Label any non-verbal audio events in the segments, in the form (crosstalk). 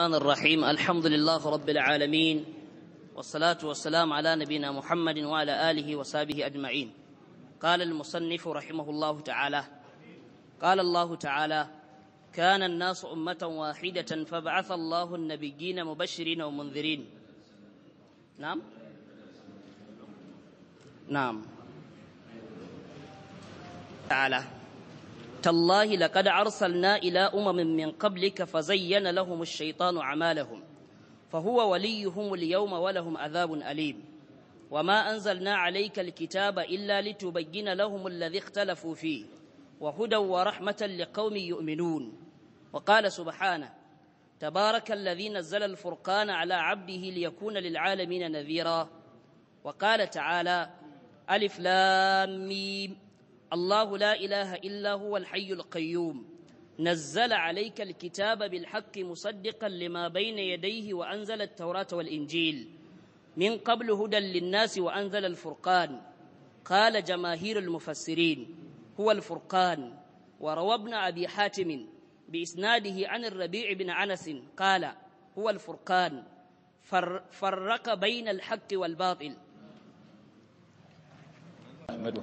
الرحمن الرحيم الحمد لله رب العالمين والصلاة والسلام على نبينا محمد وعلى آله وصحبه أجمعين قال المصنف رحمه الله تعالى قال الله تعالى كان الناس أمة واحدة فبعث الله النبيين مبشرين ومنذرين نعم نعم تعالى تالله لقد أرسلنا إلى أمم من قبلك فزين لهم الشيطان أعمالهم فهو وليهم اليوم ولهم عذاب أليم وما أنزلنا عليك الكتاب إلا لتبين لهم الذي اختلفوا فيه وهدى ورحمة لقوم يؤمنون وقال سبحانه تبارك الذي نزل الفرقان على عبده ليكون للعالمين نذيرا وقال تعالى ألف لام ميم الله لا إله إلا هو الحي القيوم نزل عليك الكتاب بالحق مصدقا لما بين يديه وأنزل التوراة والإنجيل من قبل هدى للناس وأنزل الفرقان قال جماهير المفسرين هو الفرقان وروى ابن أبي حاتم بإسناده عن الربيع بن أنس قال هو الفرقان فرق بين الحق والباطل أحمده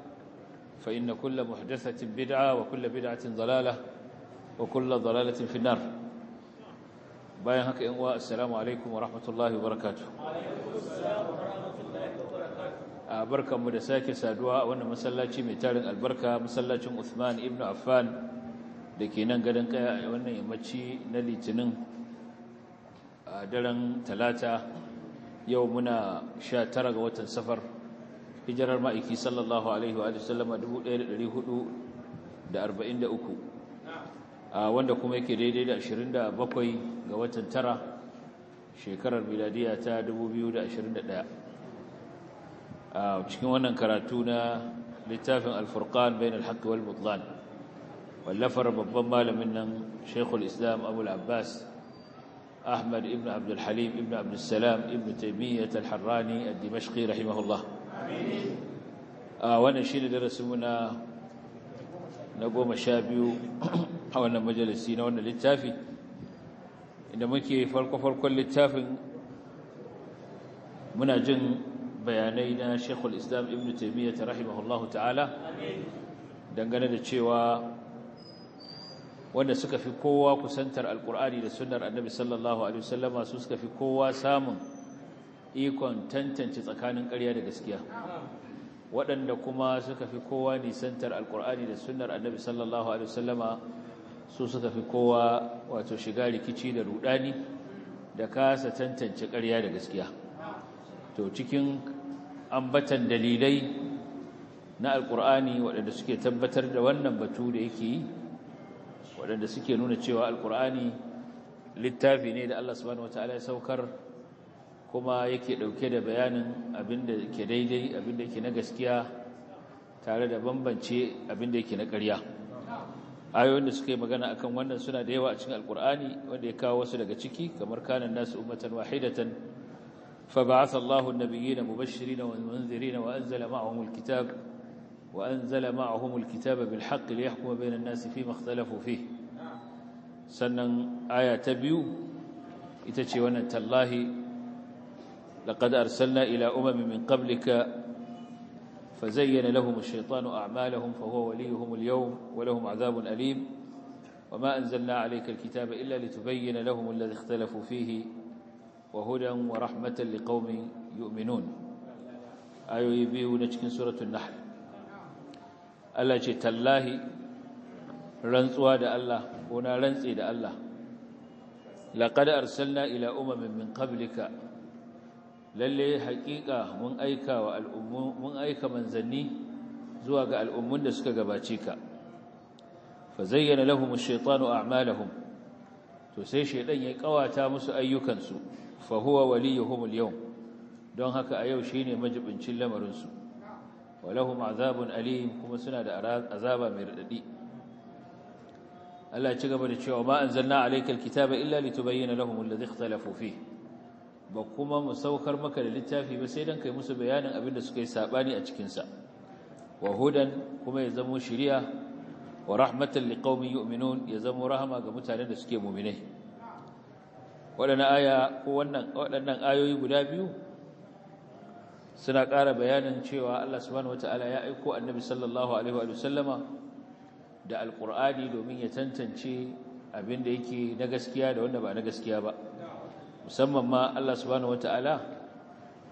فإن كل محدثة بدعة وكل بدعة ضلالة وكل ضلالة في النار باين هكا إنواء السلام عليكم ورحمة الله وبركاته بركة مدساك سادواء وأن مسلاتي متال البركة مسلاتي عثمان ابن عفان لكي ننقلن كيا وأن يمتشي نلي تنن daren talata yau muna sha tara ga watan safar hijirar ma'aiki sallallahu alaihi wa sallam sallama 1443 wanda kuma yake daidai da 27 ga watan tara shekarar miladiya ta 2021 cikin wannan karatu na littafin alfurkan bain alhaq wal mutlan wallafar babban malamin nan shekul islam abul abbas أحمد ابن عبد الحليم ابن عبد السلام ابن تيمية الحراني الدمشقي رحمه الله a wannan shi ne darasinmu na goma sha biyu a wannan majalisi na wannan littafi inda muke farko-farkon littafin muna jin bayanai na shekul islam ibn taimiyyar ta rahimahullahu ta'ala dangane da cewa wanda suka fi kowa kusantar alkur'ani da sunar annabi sallallahu alaihi wasallama su suka fi kowa samun ikon tantance tsakanin ƙarya da gaskiya waɗanda kuma suka fi kowa nisantar alkur'ani da sunar annabi sallallahu alaihi wasallama su suka fi kowa wato shiga rikici da rudani da kasa tantance ƙarya da gaskiya to cikin ambatan dalilai na alkur'ani waɗanda suke tabbatar da wannan batu da yake yi waɗanda suke nuna cewa alkur'ani littafi ne da Allah subhanahu ya saukar kuma yake ɗauke da bayanin abinda ke daidai abinda ke na gaskiya tare da bambance abinda ke na ƙarya ayoyin da suka yi magana akan wannan suna da yawa a cikin alkur'ani wanda ya kawo wasu daga ciki kamar kanan nasu ummatan wahidatan fa ba'atha Allahu an-nabiyina mubashirin wa munzirin wa anzala ma'ahum al-kitab wa anzala ma'ahum al-kitaba bil haqq liyahkuma bayna an fi ma ikhtalafu sannan aya ta biyu ita ce wannan tallahi لقد أرسلنا إلى أمم من قبلك فزين لهم الشيطان أعمالهم فهو وليهم اليوم ولهم عذاب أليم وما أنزلنا عليك الكتاب إلا لتبين لهم الذي اختلفوا فيه وهدى ورحمة لقوم يؤمنون آيو يبيه نجكن سورة النحل ألا جيت الله رنسوا دا الله هنا رنسي دا الله لقد أرسلنا إلى أمم من قبلك lalle haƙiƙa mun aika wa al'ummu mun aika manzanni zuwa ga al'ummun da suka gabace ka fa zayyana lahum ash-shaytanu a'malahum to sai shaydan ya kawata musu ayyukansu fa huwa waliyuhum al-yawm don haka a yau shine majibincin lamarin su walahum azabun alim kuma suna da azaba mai radadi Allah ya ci gaba da cewa ma anzalna alayka al-kitaba illa litubayyana lahum alladhi ikhtalafu fihi ba kuma mu saukar maka da littafi ba sai dan kai musu bayanin abin da suka yi saɓani a cikinsa. wa hudan kuma ya zamo shiriya wa rahmatan liqaumin yu'minun ya zamo rahama ga mutanen da suke mu'minai Waɗannan aya ko wannan ayoyi guda biyu suna ƙara bayanin cewa Allah subhanahu wataala ya aiko annabi sallallahu alaihi wa sallama da alqur'ani domin ya tantance abin da yake na gaskiya da wanda ba na gaskiya ba musamman ma Allah subhanahu wataala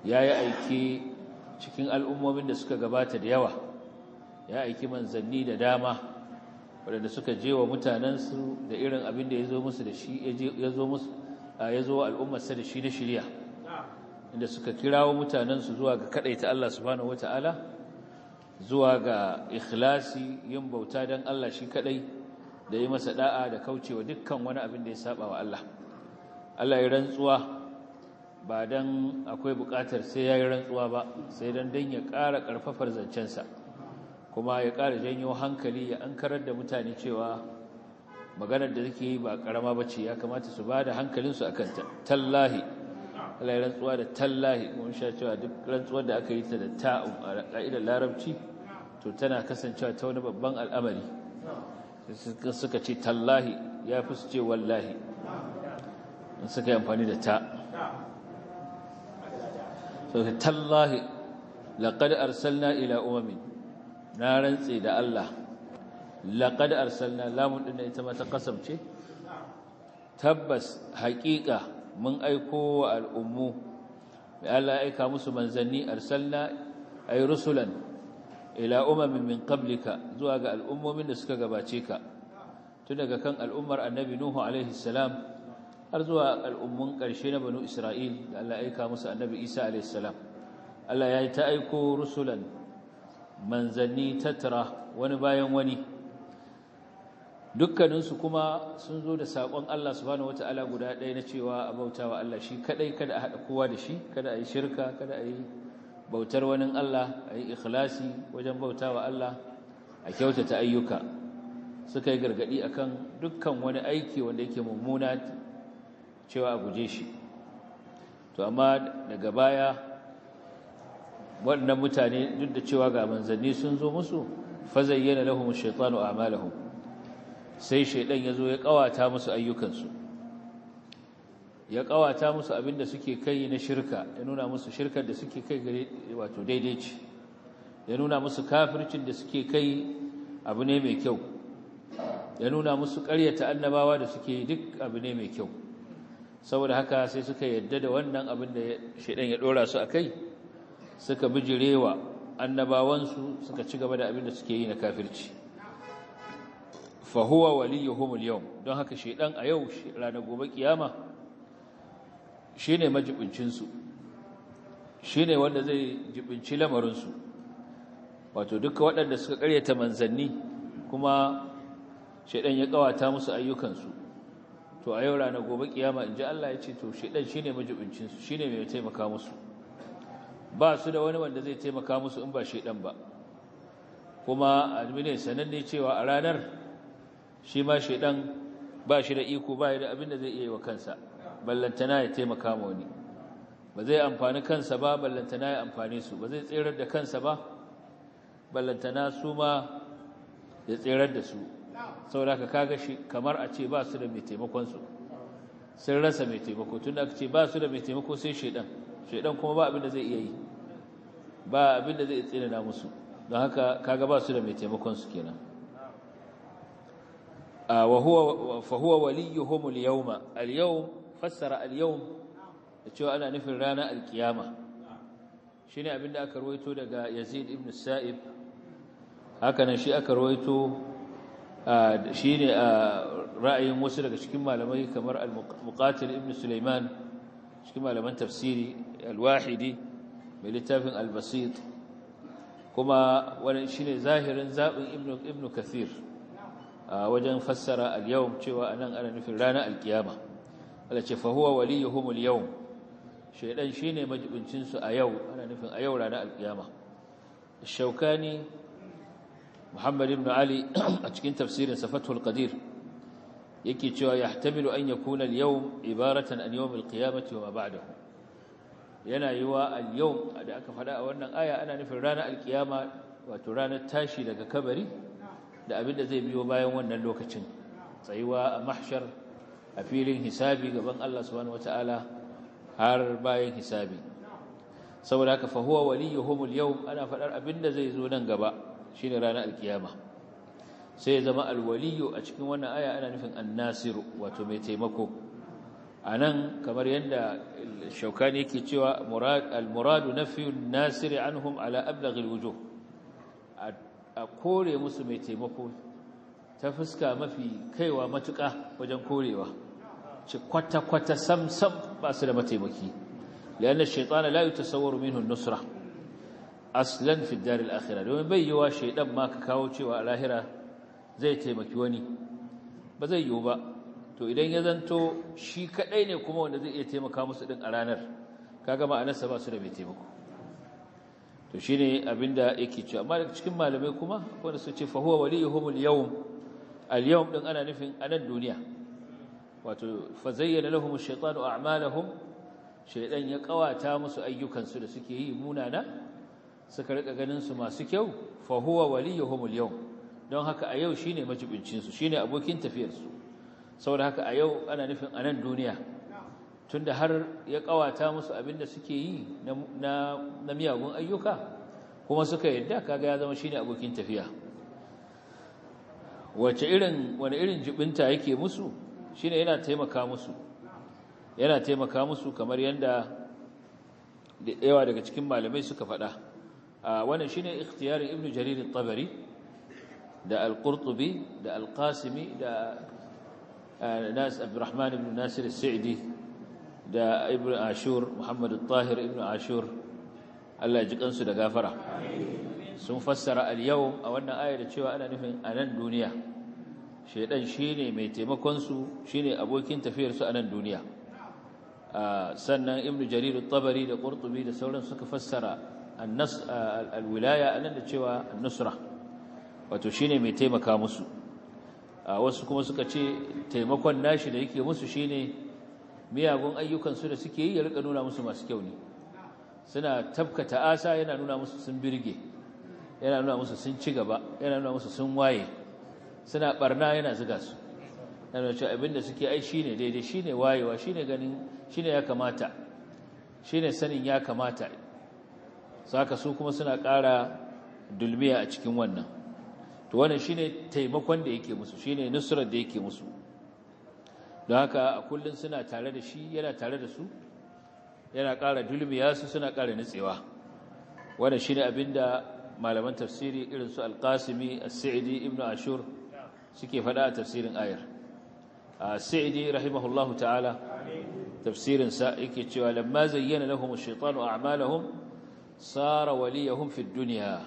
ya yi aiki cikin al'ummomin da suka gabata da yawa ya aiki manzanni da dama waɗanda suka je wa mutanensu da irin abin da ya zo musu da shi ya zo musu ya zo al'ummarsa da shi na shirya inda suka kirawo mutanensu zuwa ga kaɗaita Allah subhanahu wata'ala zuwa ga ikhlasi yin bauta don Allah shi kaɗai da yi masa da'a da kaucewa dukkan wani abin da ya saba wa Allah Allah ya rantsuwa ba don akwai bukatar sai ya yi rantsuwa ba sai don dan ya ƙara ƙarfafar zancensa kuma ya ƙara janyo hankali ya an da mutane cewa maganar da suke yi ba ƙarama ba ce ya kamata su ba da hankalinsu a kanta tallahi Allah ya rantsuwa da tallahi mun sha cewa duk rantsuwar da aka yi ta da ta'un a ƙa'idar larabci to tana kasancewa ta wani babban al'amari suka ce tallahi ya fi su ce wallahi suka yi amfani da ta so tallahi laqad arsalna ila umamin na rantsi da Allah laqad arsalna lamun din ita ma ta tabbas haƙiƙa mun aiko wa al'ummu mai Allah ya aika musu manzanni arsalna ay rusulan ila umamin min ƙablika zuwa ga al'ummomin da suka gabace ka tun daga kan al'ummar annabi nuhu alaihi salam har zuwa al'ummun ƙarshe na banu isra'il da Allah aika musu annabi isa alaihissalam Allah ya yi ta aiko rusulan manzanni tattara wani bayan wani dukkaninsu kuma sun zo da saƙon Allah wata wata'ala guda ɗaya na cewa a bautawa Allah shi kaɗai kada a haɗa kowa da shi kada a yi shirka kada a yi bautar wani Allah a yi ikhlasi wajen bautawa Allah a kyautata ayyuka suka yi gargaɗi akan dukkan wani aiki wanda yake mummuna cewa a guje shi to amma daga baya waɗannan mutane duk da cewa ga manzanni sun zo musu fazayyana lahum shaytanu a'malahum sai shaydan yazo ya kawata musu ayyukansu ya kawata musu abinda suke kai na shirka ya nuna musu shirkar da suke kai gare wato daidai ce ya nuna musu kafircin da suke kai abu ne mai kyau ya nuna musu ƙaryata annabawa da suke duk abu ne mai kyau saboda haka sai suka yadda da wannan abin da shaidan ya dora su akai suka bijirewa annabawansu suka ci gaba da abin da suke yi na kafirci fa huwa waliyuhum al-yawm don haka shaidan a yau ranar gobe kiyama shine majibincin su shine wanda zai jibinci lamarin su wato duka waɗanda suka karyata manzanni kuma shaidan ya kawata musu ayyukan su to a yau rana, gobe kiyama in ji Allah ya ce to shaidan shine majibincin su shine mai taimaka musu ba su da wani wanda zai taimaka musu in ba dan ba kuma almine sananne cewa a ranar shi ma dan ba shi da iko ba da abin da zai iya yi wa kansa ballantana ya taimaka ma wani ba zai amfani kansa ba ballantana ya amfani su ba zai tserar da kansa ba ballantana su ma ya tserar da su saboda ka kaga shi kamar a ce ba su da mai taimakon su sun rasa mai taimako tun da aka ce ba su da mai taimako sai shaidan shaidan kuma ba abin da zai iya yi ba abin da zai tsinana musu don haka kaga ba su da mai taimakon su kenan wa huwa fa huwa waliyuhum al-yawma al-yawm fassara al-yawm da cewa ana nufin ranar al-qiyama shine abin da aka ruwaito daga Yazid ibn Sa'ib haka nan shi aka ruwaito shi ne ra'ayin wasu daga cikin malamai kamar al-muqatil ibn Sulaiman cikin malaman tafsiri al-wahidi mai littafin al-basit kuma shi shine zahirin zaɓin ibn ibn kathir wajen fassara al-yawm cewa nan ana nufin ranar al-kiyama Allah ce fa huwa waliyuhum al-yawm shaydan shi ne su a yau ana nufin a yau ranar al-kiyama shaukani Muhammad ibn Ali (clears throat) a cikin tafsirin Safatul Qadir yake cewa yahtamilu an yakuna al-yawm ibaratan an yawm al-qiyamati wa ma ba'dahu yana yiwa al-yawm da aka faɗa a wannan aya ana nufin rana al wato ranar tashi daga kabari da abin da zai biyo bayan wannan lokacin tsayuwa a mahshar a filin hisabi gaban Allah subhanahu wataala har bayan hisabi saboda haka fa huwa waliyuhum al-yawm ana faɗar abin da zai zo nan gaba shine ranar alkiyama sai ya zama alwaliyu a cikin wannan aya ana nufin annasiru wato mai taimako anan kamar yadda shaukani yake cewa murad almuradu nafiyun nasiri anhum ala ablaghil wujuh a kore musu mai taimako ta fuska mafi kaiwa matuka wajen korewa ci kwata-kwata sam-sam ba su da mataimaki liyan da shaitana la yi tasawar minhun nusra aslan fi daril akhirah domin bai yiwa shaidan ma ka kawo cewa a lahira zai taimaki wani ba zai yiwu ba to idan ya zanto shi kadai ne kuma wanda zai iya taimaka musu din a ranar kaga ma'anarsa ba su da mai taimako to shine abinda yake cewa amma cikin malamai kuma wanda su ce fa huwa al yawm al yawm din ana nufin anan duniya wato fa zayyana lahum ash-shaytanu a'malahum shaydan ya kawata musu ayyukan su da suke yi munana suka rika ganin su masu kyau fa huwa waliyuhum yawm don haka a yau shine majibincin su shine abokin tafiyar su saboda haka a yau ana nufin anan duniya tunda har ya kawata musu abin da suke yi na miyagun ayyuka kuma suka yadda kaga ya zama shine abokin tafiya wace irin wani irin jibinta yake musu shine yana taimaka musu yana taimaka musu kamar yanda da yawa daga cikin malamai suka faɗa wannan shine ikhtiyari ibn jarir at-tabari da al-qurtubi da al-qasimi da nas abdurrahman ibn nasir as-sa'di da ibn ashur muhammad tahir ibn ashur Allah ya ji kansu da gafara sun fassara al-yawm a wannan ayar cewa ana nufin anan duniya shedan shine mai taimakon su shine abokin tafiyar su anan duniya sannan ibn jarir at-tabari da qurtubi da sauran suka fassara alwilaya nan da cewa nusra wato shine mai taimaka musu wasu kuma suka ce taimakon nashi da yake musu shine miyagun ayyukansu da suke yi ya rika nuna musu masu kyau ne suna tabka ta'asa yana nuna musu sun birge yana nuna musu sun ci gaba yana nuna musu sun waye suna barna yana zuga su yana cewa abinda suke ai shine daidai shine wayewa shine ganin shine ya kamata shine sanin ya kamata saka su kuma suna ƙara dulmiya a cikin wannan to wannan shine taimakon da yake musu shine nusrar da yake musu don haka a kullun suna tare da shi yana tare da su yana ƙara dulmiya su suna ƙara nutsewa wannan shine abinda malaman tafsiri irin su al-Qasimi as-Sa'idi ibn Ashur suke faɗa a tafsirin ayar as-Sa'idi rahimahullahu ta'ala tafsirin sa yake cewa lamma zayyana lahum ash-shaytanu a'malahum sara waliyahum fid dunya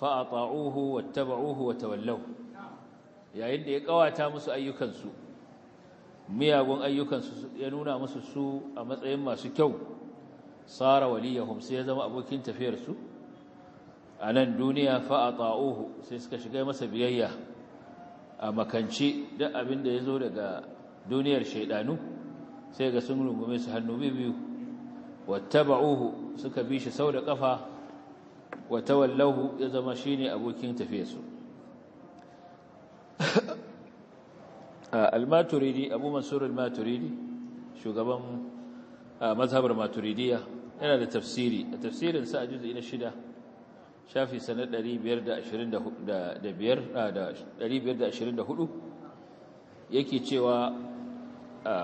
fa ata'uhu wa tawallau. yayin da ya kawata musu ayyukansu miyagun ayyukansu ya nuna musu su a matsayin masu kyau sara waliyahum sai ya zama abokin tafiyarsu a nan duniya fa ata'uhu sai suka shiga masa biyayya a makanci duk abin da ya zo daga duniyar shaidanu sai ga sun rungume su hannu biyu wattaba'uhu suka bi shi sau da ƙafa wa tawallahu ya zama shi ne abokin su. al-maturidi abu mansur al-maturidi shugaban mazhabar maturidiya yana da tafsiri a tafsirin sa a juzi na shida shafi sanar 524 yake cewa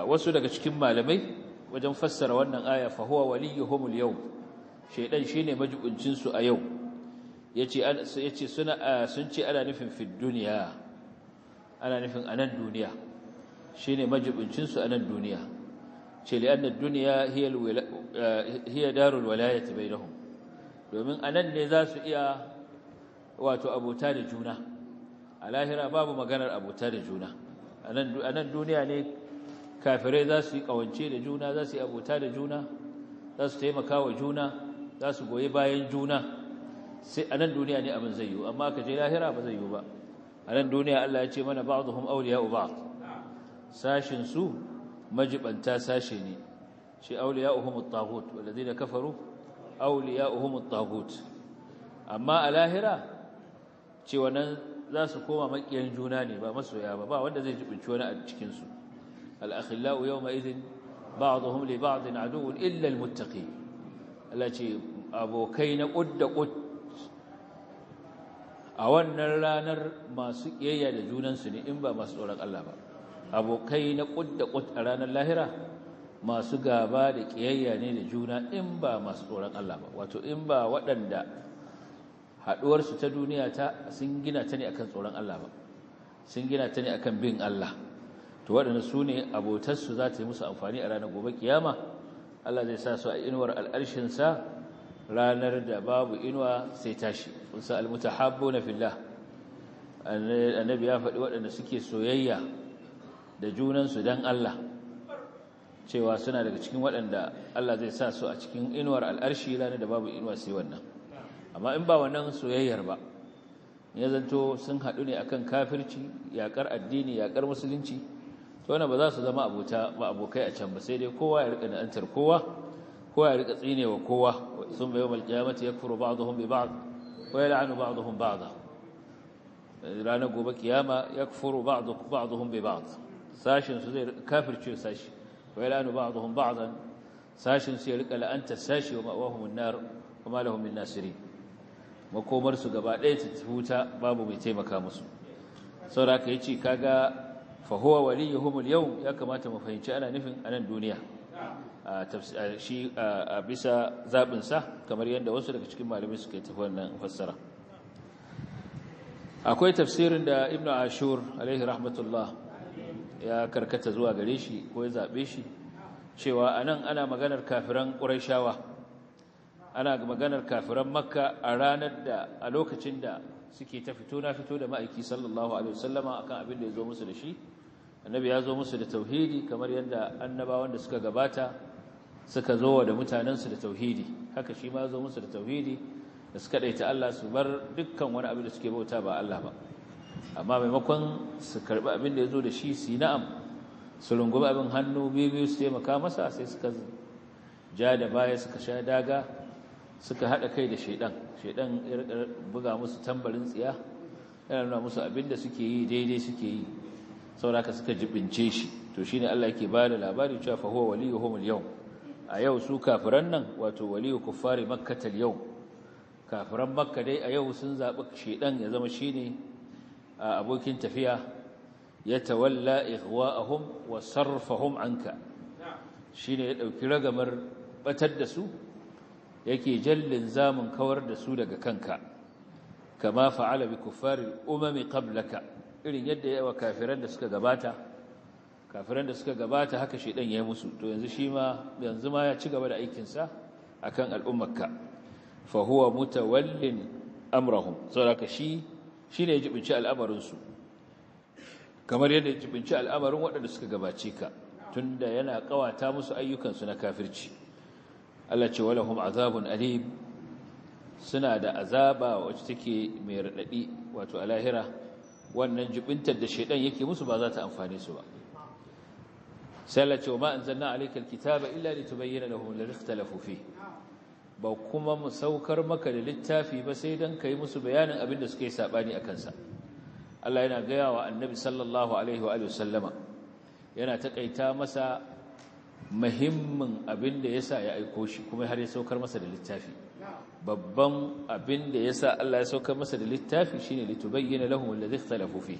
wasu daga cikin malamai wajen fassara wannan aya fa huwa waliyuhumul yawm shaidan shine majibincin su a yau yace yace suna sun ce ana nufin fi duniya ana nufin anan duniya shine majibincin su anan duniya ce li anna duniya hiya hiya darul walayati bainahum domin anan ne za su iya wato abota da juna a lahira babu maganar abota da juna Anan duniya ne kafirai za su yi kawance da juna za su yi abota da juna za su taimaka wa juna za su goyi bayan juna sai a nan duniya ne abin zai yiwu amma ka je lahira ba zai yiwu ba a nan duniya Allah ya ce mana ba ba'dhum awliya'u ba'd sashin su majibanta sashe ne shi awliya'uhum at-taghut walladheena kafaru awliya'uhum at-taghut amma a lahira ce wannan za su koma makiyan juna ne ba masoya ba ba wanda zai jibinci wani a cikin su al-akhillau yawma idhin ba'dhum li ba'din aduwwun illa al-muttaqin lace ce abokai na ƙudda ƙud a wannan ranar masu ƙiyayya da junansu ne in ba masu tsoron Allah ba abokai na ƙudda ƙud a ranar lahira masu gaba da ƙiyayya ne da juna in ba masu tsoron Allah ba wato in ba waɗanda haɗuwarsu ta duniya ta sun gina ta ne akan tsoron Allah ba sun gina ta ne akan bin Allah to waɗanda su ne abotarsu za ta yi musu amfani a ranar gobe kiyama Allah zai sa su a inuwar al'arshinsa ranar da babu inuwa sai tashi kunsa almutahabbu na Fila, annabi ya faɗi waɗanda suke soyayya da junansu don Allah cewa suna daga cikin waɗanda Allah zai sa su a cikin inuwar al'arshi ranar da babu inuwa sai wannan amma in ba wannan soyayyar ba ya zanto sun haɗu ne akan kafirci yaƙar addini yaƙar musulunci to ba za su zama abota ba abokai a can ba sai dai kowa ya rika da'antar kowa kowa ya rika tsinewa kowa sun bayo mal qiyamati yakfuru ba'dhum bi ba'd wa yal'anu ba'dhum ba'dha ranar gobe kiyama ya yakfuru ba'dhum bi ba'd sashin su zai rika kafirce sashi wa yal'anu ba'dhum ba'dan sashin su ya rika la'antar sashi wa ma'awahum an-nar wa ma lahum min nasirin makomar su gaba ɗaya ta huta babu mai taimaka musu saboda ka yace kaga fa huwa waliyuhum al-yawm ya kamata mu fahimci ana nufin anan duniya shi a bisa zabin sa kamar yadda wasu daga cikin malamai suka tafi wannan fassara akwai tafsirin da ibnu ashur alaihi rahmatullah ya karkata zuwa gare shi ko ya zabe shi cewa anan ana maganar kafiran quraishawa ana maganar kafiran makka a ranar da a lokacin da suke ta fito na fito da ma'aiki sallallahu alaihi wasallama akan abin da ya zo musu da shi annabi ya zo musu da tauhidi kamar yadda annabawan da suka gabata suka zo da mutanensu da tauhidi haka shi ma zo musu da tauhidi da suka ɗaita Allah su bar dukkan wani abin da suke bauta ba Allah ba amma maimakon su karɓi abin da ya zo da shi su na'am su rungumi abin hannu biyu biyu su taimaka masa sai suka ja da baya suka sha daga suka haɗa kai da shaiɗan ya buga musu tambarin tsiya yana nuna musu abin da suke yi daidai suke yi sauraka suka jibince shi to shine Allah yake ba da labari cewa fa huwa waliyuhum al-yawm a yau su kafiran nan wato waliyu kuffari makkah al-yawm kafiran makka dai a yau sun zabi shedan ya zama shine abokin tafiya ya tawalla ihwa'ahum wa sarfahum anka shine ya dauki ragamar batar da su yake jallin zamun kawar da su daga kanka kama fa'ala bi kuffari umami qablaka irin yadda ya wa kafiran da suka gabata kafiran da suka gabata haka ya yi musu to yanzu shi ma yanzu ma ya ci gaba da aikinsa a kan al'ummarka fa huwa mutawallin amrahum saboda shi shi ne ya jibinci al'amarinsu kamar yadda ya jibinci al'amarin waɗanda suka gabace ka tunda yana ƙawata musu ayyukansu na kafirci Allah ce walahum azabun alim suna da azaba wacce take mai raɗaɗi wato a lahira wannan jubintar da shaidan yake musu ba za ta amfane su ba sai ce wa ma anzalna alayka alkitaba illa litubayyana lahum alladhi ikhtalafu ba kuma mu saukar maka da littafi ba sai dan kai musu bayanin abin da suka yi sabani akan sa Allah yana gaya wa annabi sallallahu alaihi wa sallama yana takaita masa muhimmin abin da yasa ya aiko shi kuma har ya saukar masa da littafi babban abin da ya sa Allah ya sauka masa da littafi shine litubayyana lahum alladhi ikhtalafu fi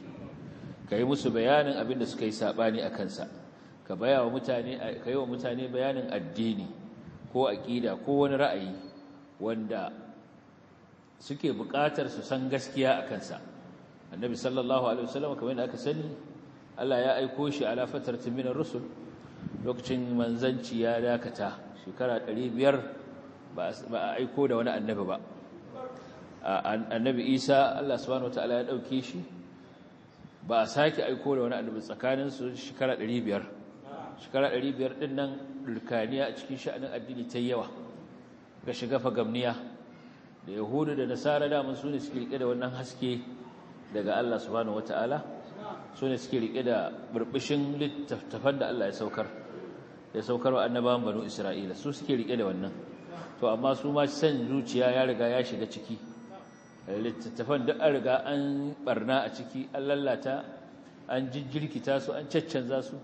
yi musu bayanin abin da suka yi sabani a kansa, ka bayawa mutane wa mutane bayanin addini ko aqida ko wani ra'ayi wanda suke buƙatar su san gaskiya a kansa. annabi sallallahu alaihi wasallam kamar yadda aka sani Allah ya aiko shi ala fatratin minar rusul lokacin manzanci ya dakata shekara biyar. ba a aiko da wani annabi ba annabi isa allah subhanahu wataala ya ɗauke shi ba a sake aiko da wani annabi tsakanin su shekara 500 shekara 500 ɗin nan dulkaniya a cikin sha'anin addini ta yawa ga shiga fagamniya da yahudu da nasara damun su ne suke riƙe da wannan haske daga allah subhanahu wataala su ne suke riƙe da burbushin littattafan da allah ya saukar ya saukar wa annabawan banu isra'ila su suke riƙe da wannan to amma su ma san zuciya ya riga ya shiga ciki eh, littattafan duk an riga an barna a ciki an lallata an jirgita su an caccanza su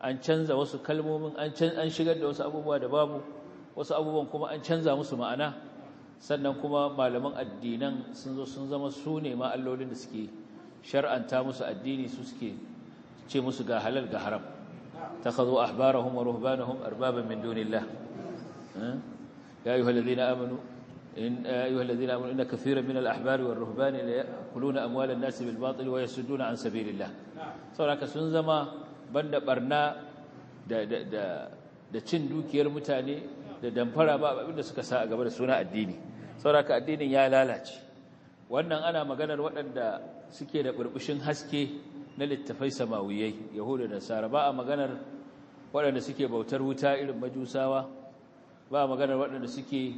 an canza wasu kalmomin an shigar da wasu abubuwa da babu wasu abubuwan kuma an canza musu ma'ana sannan kuma malaman addinan sun zo sun zama su ne ma da suke shar'anta musu addini su suke ce musu ga halal ga haram ta kazo ahbarahum wa ruhbanahum arbaban min dunillah eh? يا أيها الذين آمنوا إن أيها الذين آمنوا إن كثيرا من الأحبار والرهبان يأكلون أموال الناس بالباطل ويسدون عن سبيل الله saboda sun zama banda da da da cin dukiyar mutane da damfara ba abinda suka sa a gaba da suna addini sauraka addinin ya lalace wannan ana maganar waɗanda suke da burbushin haske na littafai samawiyai yahuda da nasara ba a maganar waɗanda suke bautar wuta irin majusawa ba magana waɗanda suke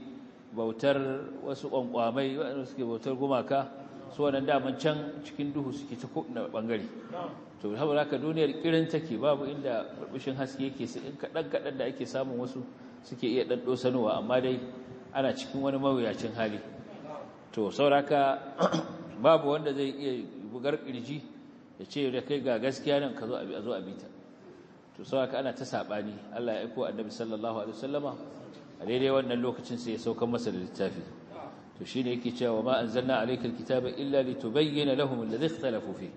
bautar wasu ƙwanƙwamai waɗanda suke bautar gumaka su waɗanda daman can cikin duhu suke ta na ɓangare to saboda haka duniyar kirin take babu inda burbushin haske yake sai in kaɗan kaɗan da ake samun wasu suke iya ɗan ɗosanowa amma dai ana cikin wani mawuyacin hali to sauraka (clears throat) babu wanda zai iya bugar ƙirji ya ce da kai ga gaskiya nan ka zo a zo a to sauraka ana ta saɓani Allah ya aiko annabi sallallahu alaihi wasallama a daidai wannan lokacin sai ya sauka masa da littafi to shine yake cewa ma anzalna alayka alkitaba illa litubayyana lahum alladhi ikhtalafu fi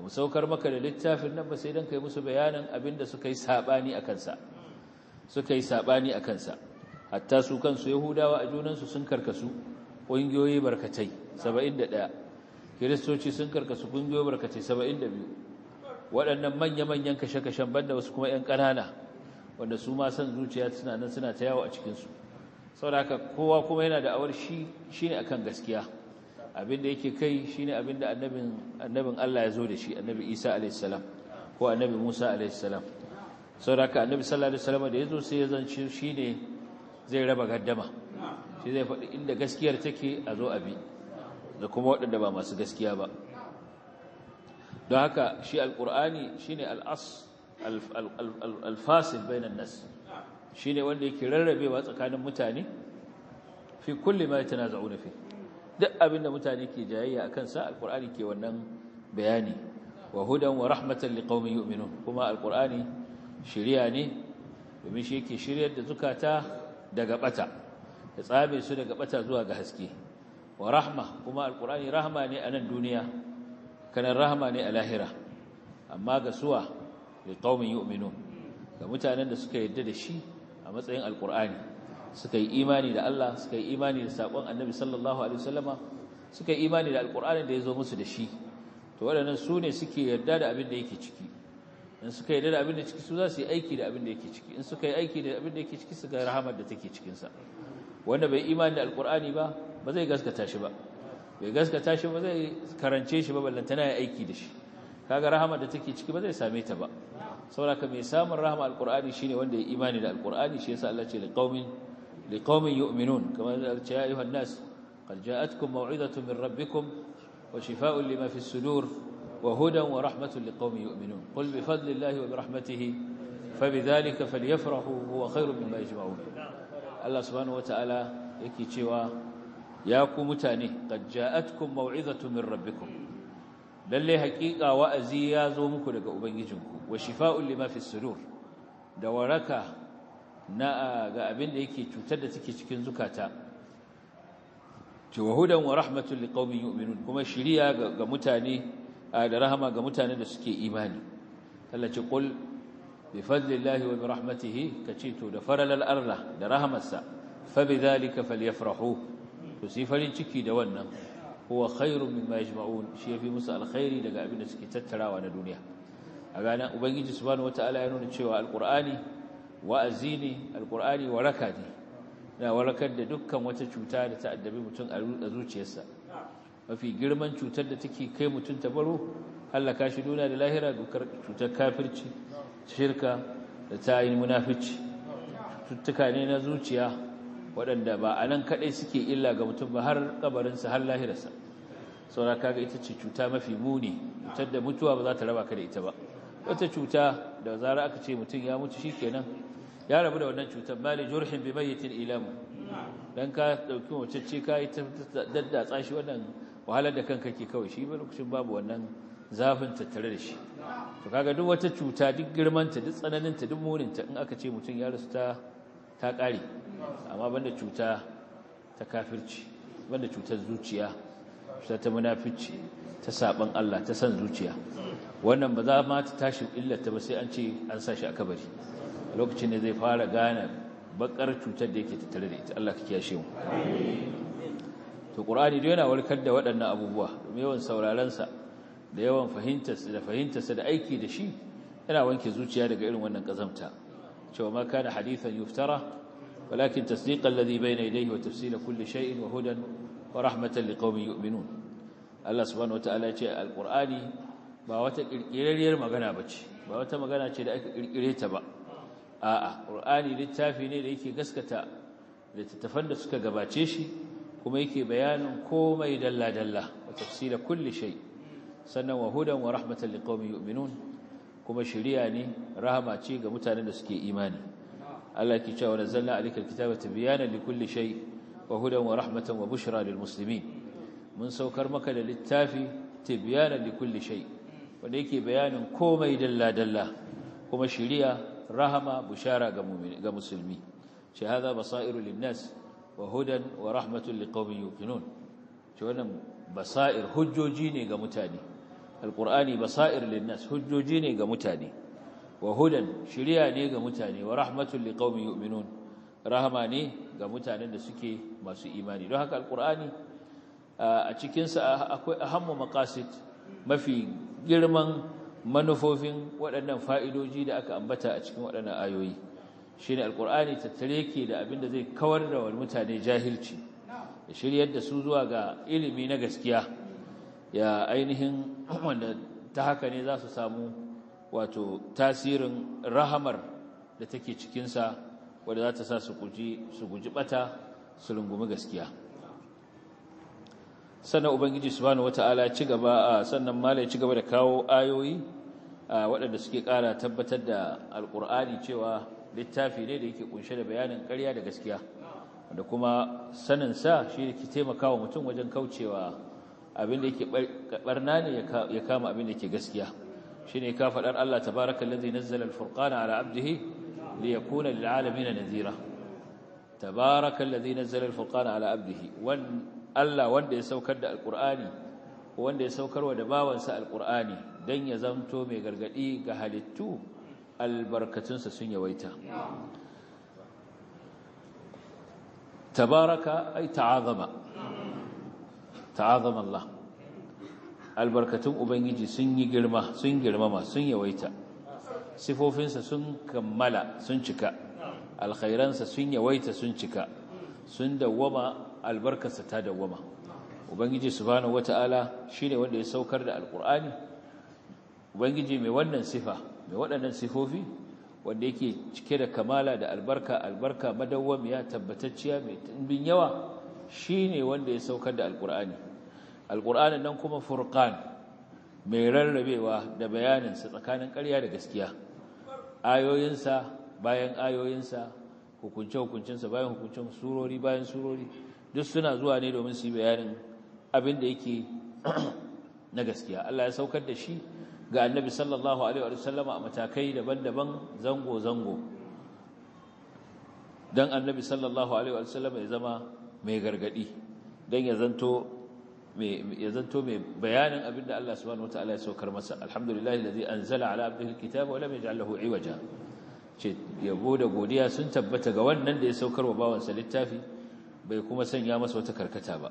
mu saukar maka da littafin nan ba sai dan kai musu bayanin abinda suka yi sabani akan sa suka yi sabani akan sa hatta su kansu yahudawa a junansu sun karkasu ƙungiyoyi barkatai 71 kiristoci sun karkasu ƙungiyoyi barkatai 72 waɗannan manya-manyan kashe-kashen banda wasu kuma 'yan ƙanana wanda su ma san zuciya suna nan suna ta yawo a cikinsu da haka kowa kuma yana da awar shi ne akan gaskiya abinda yake kai shi shine abinda annabin annabin Allah ya zo da shi annabi Isa alayhi ko annabi Musa alayhi Sau da haka annabi sallallahu da wasallam da zo sai ya zance ne zai raba gaddama shi zai faɗi inda gaskiyar take a zo a bi da kuma waɗanda ba masu gaskiya ba don haka shi alƙur'ani ne al'as Alfasin bainan nas shine wanda yake rarrabewa tsakanin mutane fi kulle ma yatanaza'una fi duk abinda mutane ke jayayya akan sa alkurani ke wannan bayani wa hudan wa rahmatan liqaumin yu'minun kuma alqur'ani shiriya ne domin shi yake shiryar da zukata daga bata ya tsabe su daga bata zuwa ga haske wa rahma kuma alkur'ani rahma ne a nan duniya kanan rahma ne a lahira amma ga suwa li qaumin yu'minun ga mutanen da suka yarda da shi a matsayin alqur'ani suka yi imani da Allah suka yi imani da sakon annabi sallallahu alaihi wasallama suka yi imani da alqur'ani da ya zo musu da shi to waɗannan su ne suke yarda da abin da yake ciki in suka yarda da abin da ciki su za su yi aiki da abin da yake ciki in suka yi aiki da abin da yake ciki su ga rahamar da take cikin sa wanda bai imani da alqur'ani ba ba zai gaskata shi ba bai gaskata shi ba zai karance shi ba ballantana ya aiki da shi kaga rahama da take ciki ba zai same ta ba saboda mai samun rahama alqur'ani shine wanda ya imani da alqur'ani shi yasa Allah ce liqaumin liqaumin yu'minun kamar da ce ya ayuha nas qad ja'atkum maw'izatun min rabbikum wa shifaa'un lima fi sudur wa hudan wa rahmatun liqaumin yu'minun qul bi fadlillahi wa bi rahmatihi fabidhalika falyafrahu huwa khairun mimma yajma'un Allah subhanahu wa ta'ala yake cewa ya ku mutane qad ja'atkum maw'izatun min rabbikum lalle haƙiƙa wa'azi ya zo muku daga ubangijinku wa shifa'un lima fi sudur da waraka na ga abin da yake cutar da take cikin zukata ce wa wa rahmatul liqaumin yu'minun kuma shiriya ga mutane da rahama ga mutanen da suke imani Allah ce qul bi fadlillahi wa bi rahmatihi kace to da faralal Allah da rahamarsa fa bi dhalika falyafrahu to sai farin ciki da wannan huwa khairun mimma yajma'un shi yafi musu alkhairi daga abin da suke tattarawa na duniya a gane ubangiji subhanahu wataala ya nuna cewa alqur'ani wa'azi ne alqur'ani waraka ne na warakar da dukkan wata cuta da ta addabi mutum a zuciyarsa mafi girman cutar da take kai mutum ta baro halaka shi duniya da lahira dukkan cutar kafirci shirka da ta yi munafici cututtuka ne na zuciya waɗanda ba a nan kaɗai suke illa ga mutum ba har ƙabarinsa har lahirarsa saura kaga ita ce cuta mafi muni cutar da mutuwa ba za ta raba ka da ita ba wata cuta da zara aka ce mutum ya mutu shi kenan ya rabu da wannan cutar mali jorhin bi mayyitin ilamu don ka dauki wacce ka yi ta daddatsa shi wannan wahalar da kanka ke kawai shi ba lokacin babu wannan zafin tattare da shi to kaga duk wata cuta duk girmanta duk tsananinta duk muninta in aka ce mutum ya rasu ta ta ƙari amma banda cuta ta kafirci banda cutar zuciya cuta ta munafici ta saban Allah ta san zuciya wannan ba za ma ta tashi illata ba sai an ce an sa shi a kabari lokacin ne zai fara gane bakar cutar da yake tattare da ita Allah ka kiyashe mu to qur'ani dai yana warkar da waɗannan abubuwa yawan sauraron sa da yawan fahimtarsa da fahimtarsa da aiki da shi yana wanke zuciya daga irin wannan kazamta cewa ma kana hadithan yuftara walakin tasdiqa alladhi bayna yadayhi wa tafsila kulli shay'in wa hudan wa rahmatan liqaumin yu'minun Allah subhanahu wataala ya ce alqur'ani ba wata kirkirarriyar magana bace ba wata magana ce da aka kirkire ta ba a'a ƙur'ani littafi ne da yake gaskata littattafan da suka gabace shi kuma yake bayanin komai dalla dalla wa tafsila kulli shay sannan wa hudan wa rahmatan liqaumin yu'minun kuma shari'a ne rahama ce ga mutanen da suke imani Allah ke cewa nazzalna alikal kitaba tibyana likulli shay wa hudan wa rahmatan wa bushra lil muslimin mun saukar maka da littafi tibyana likulli shay wanda yake bayanin komai dalla dalla kuma shari'a rahama bushara ga ga musulmi shi hada basairu lin nas wa hudan wa rahmatan liqaumin yuqinun shi wannan basair hujjoji ne ga mutane ba basair linnas hujjoji ne ga mutane wa hudan shiriya ne ga mutane wa rahmatul liqaumin yu'minun rahama ne ga mutanen da suke masu imani don haka Alƙur'ani a cikin sa akwai ahammu maqasid mafi girman manufofin waɗannan fa'idoji da aka ambata a cikin waɗannan ayoyi shine Alƙur'ani tattare ke da abin da zai kawar da wal mutane jahilci da shiryar da su zuwa ga ilimi na gaskiya ya ainihin (clears throat) wanda ta haka ne za su samu wato tasirin rahamar da take cikinsa wadda za ta sa su guji bata su lungumi gaskiya sannan ubangiji subhanahu wata'ala ci gaba sannan malai ci gaba da kawo ayoyi waɗanda suke ƙara tabbatar da alkur'ani cewa littafi ne da yake kunshe da bayanin ƙarya da gaskiya da kuma sanin sa shi ne ke wa mutum wajen kaucewa abin da yake barna ne ya kama abin da yake gaskiya shine ka fadar Allah tabarakallazi nazzala al-furqana ala abdihi liyakuna lil alamin nadhira tabarakallazi nazzala al-furqana ala abdihi wan Allah wanda ya saukar da alqur'ani wanda ya saukarwa da bawansa alqur'ani dan ya zamto mai gargadi ga halittu albarkatunsa sun yawaita tabaraka ay ta'azama ta'azam Allah albarkatun ubangiji sun yi girma sun girmama sun yawaita sifofinsa sun kammala sun cika alkhairansa sun yawaita sun cika sun dawwama albarkarsa ta dawwama ubangiji subhanahu wata'ala shine wanda ya saukar da alqur'ani ubangiji mai wannan sifa mai waɗannan sifofi wanda yake cike da kamala da albarka albarka madawwamiya tabbatacciya mai tumbin yawa shine wanda ya saukar da alqur'ani alqur'anin nan kuma Furkan mai rarrabewa da bayanin sa tsakanin ƙarya da gaskiya ayoyinsa bayan ayoyinsa hukunce-hukuncinsa bayan hukuncin surori bayan surori duk suna zuwa ne domin su yi bayanin abin da yake (clears throat) na gaskiya Allah ya saukar da shi ga annabi sallallahu alaihi wa sallama a matakai daban-daban zango-zango don annabi sallallahu alaihi wa sallama ya zama mai gargadi don ya zanto ya zanto mai bayanin abin da Allah subhanahu wataala ya saukar masa da alladhi anzala ala abdihi alkitaba wa lam yaj'al ce yabo da godiya sun tabbata ga wannan da ya saukar wa bawansa littafi bai kuma sanya masa wata karkata ba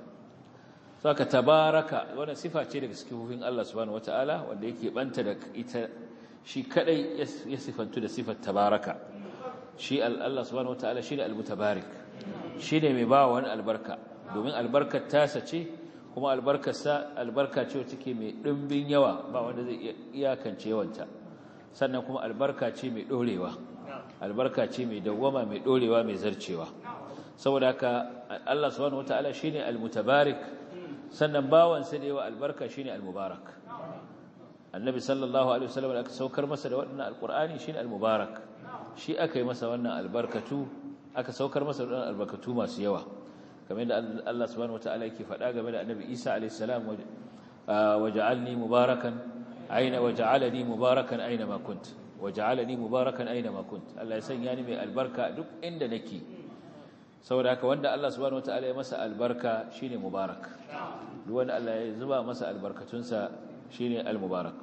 saka tabaraka wani sifa ce daga sifofin Allah subhanahu wataala wanda yake banta da ita shi kadai ya sifantu da sifar tabaraka shi Allah subhanahu wataala shi ne almutabarik shi ne mai bawa wani albarka domin albarkar tasa ce kuma albarkarsa albarka ce take mai ɗumbin yawa ba wanda zai iyakance yawanta sannan kuma albarka ce mai ɗorewa albarka ce mai dawwama mai ɗorewa mai zarcewa saboda haka Allah subhanahu wataala shine almutabarik sannan bawan sa da yawa albarka shine almubarak annabi sallallahu alaihi wasallam da aka saukar masa da waɗannan alqur'ani shine almubarak shi aka yi masa wannan albarkatu aka saukar masa da waɗannan albarkatu masu yawa kamar da Allah subhanahu wataala yake faɗa game da Annabi Isa alayhi salam waja'alni mubarakan aina waja'alani mubarakan aina ma kunt waja'alani mubarakan aina ma kunt Allah ya sanya ni mai albarka duk inda nake saboda haka wanda Allah subhanahu wataala ya masa albarka shine mubarak duk wanda Allah ya zuba masa albarkatunsa shine almubarak.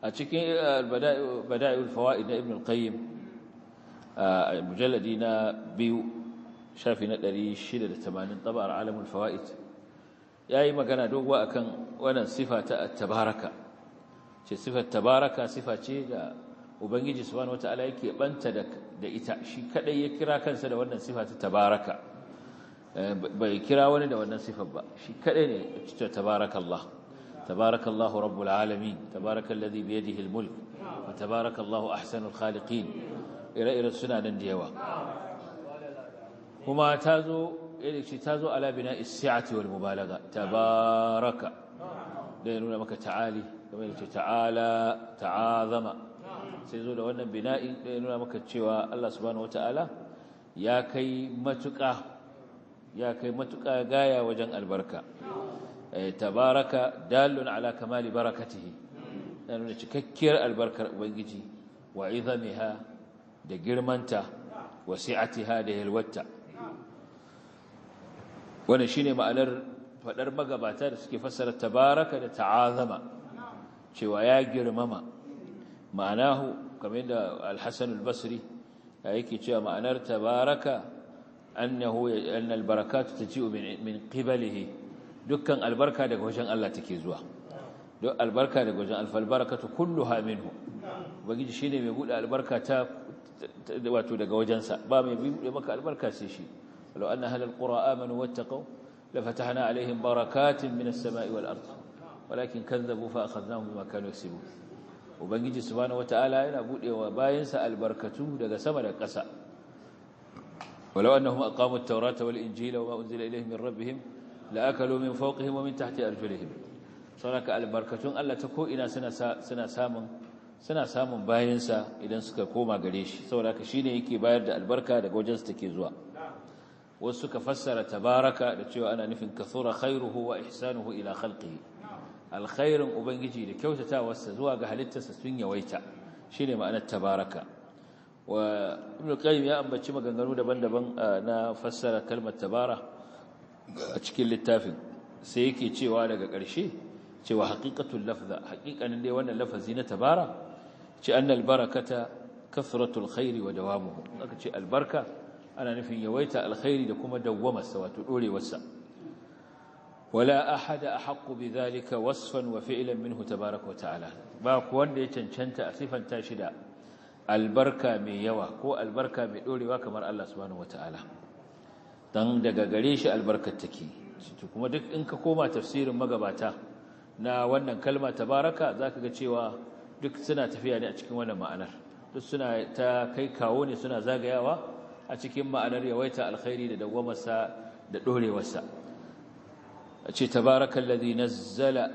a cikin al-bada'ul fawaid na ibn Alqayyim, qayyim mujalladi na biyu shafi na 680 tabar alamul fawaid yayi magana dogwa akan wannan sifa ta tabaraka ce sifar tabaraka sifa ce da ubangiji subhanahu wataala yake banta da da ita shi kadai ya kira kansa da wannan sifa ta tabaraka eh, bai kira wani da wannan sifar ba shi kadai ne ta tabarakallah tabarakallahu rabbul alamin tabarakallazi bi yadihi mulk wa tabarakallahu ahsanul khaliqin ire-iren suna nan da yawa kuma ta zo yadda ta zo ala bina isyati wal mubalaga tabaraka da ya nuna maka ta'ali kamar yadda ta'ala ta'azama sai zo da wannan bina'i da ya nuna maka cewa Allah subhanahu wata'ala ya kai matuƙa ya kai matuƙa gaya wajen albarka eh, tabaraka dalun ala kamali barakatihi ya nuna cikakkiyar albarkar ubangiji wa izamiha da girmanta wasi'atiha da yalwata wannan shine ma'anar faɗar magabata da suke fassara tabaraka da ta'azama cewa ya girmama ma'anahu kamar da al basri yake cewa ma'anar tabaraka annahu anna al-barakatu taji'u min min qibalihi dukkan albarka daga wajen Allah take zuwa duk albarka daga wajen alfalbarakatu kulluha minhu ubangiji shine mai bude albarka ta wato daga wajensa ba mai bude maka albarka sai shi ولو أن أهل القرى آمنوا واتقوا لفتحنا عليهم بركات من السماء والأرض ولكن كذبوا فأخذناهم بما كانوا يكسبون وبنجي سبحانه وتعالى yana budewa bayansa albarkatu daga sama da ƙasa ولو أنهم أقاموا التوراة والإنجيل وما أنزل إليهم من ربهم لأكلوا من فوقهم ومن تحت أرجلهم صارك البركتون ألا تكو إنا سنة, سنة سامن سنة سامن باينسا إذن سكا كوما قريش صارك شيني يكي باير دا البركة دا قوجنس تكي زوا wasu ka fassara tabaraka da cewa ana nufin kathura khairuhu wa ihsanuhu ila khalqihi alkhairin ubangiji da kyautatawarsa zuwa ga halittarsa sun yawaita shine ma'anar tabaraka wa ibn qayyim ya ambaci maganganu daban-daban na fassara kalmar tabara a cikin littafin sai yake cewa daga ƙarshe cewa haqiqatul lafza haqiqanin dai wannan lafazi na tabara ce annal barakata kathratul khairi wa dawamuhu aka ce albarka ana nufin yawaita alkhairi da kuma dawwamarsa wato dorewarsa wala ahada ahqqu bidhalika wasfan wa fi'lan minhu tabaaraka wa ta'ala ba ku wanda ya cancanta a sifanta shi da albarka mai yawa ko albarka mai dorewa kamar Allah subhanahu wa ta'ala dan daga gare shi albarkar take kuma duk in ka koma tafsirin magabata na wannan kalma tabaraka zaka ga cewa duk suna tafiya ne a cikin wannan ma'anar duk suna ta kai kawo ne suna zagayawa a cikin ma'anar yawaita alkhairi da dawwamarsa da dorewarsa a ce lazi nazzala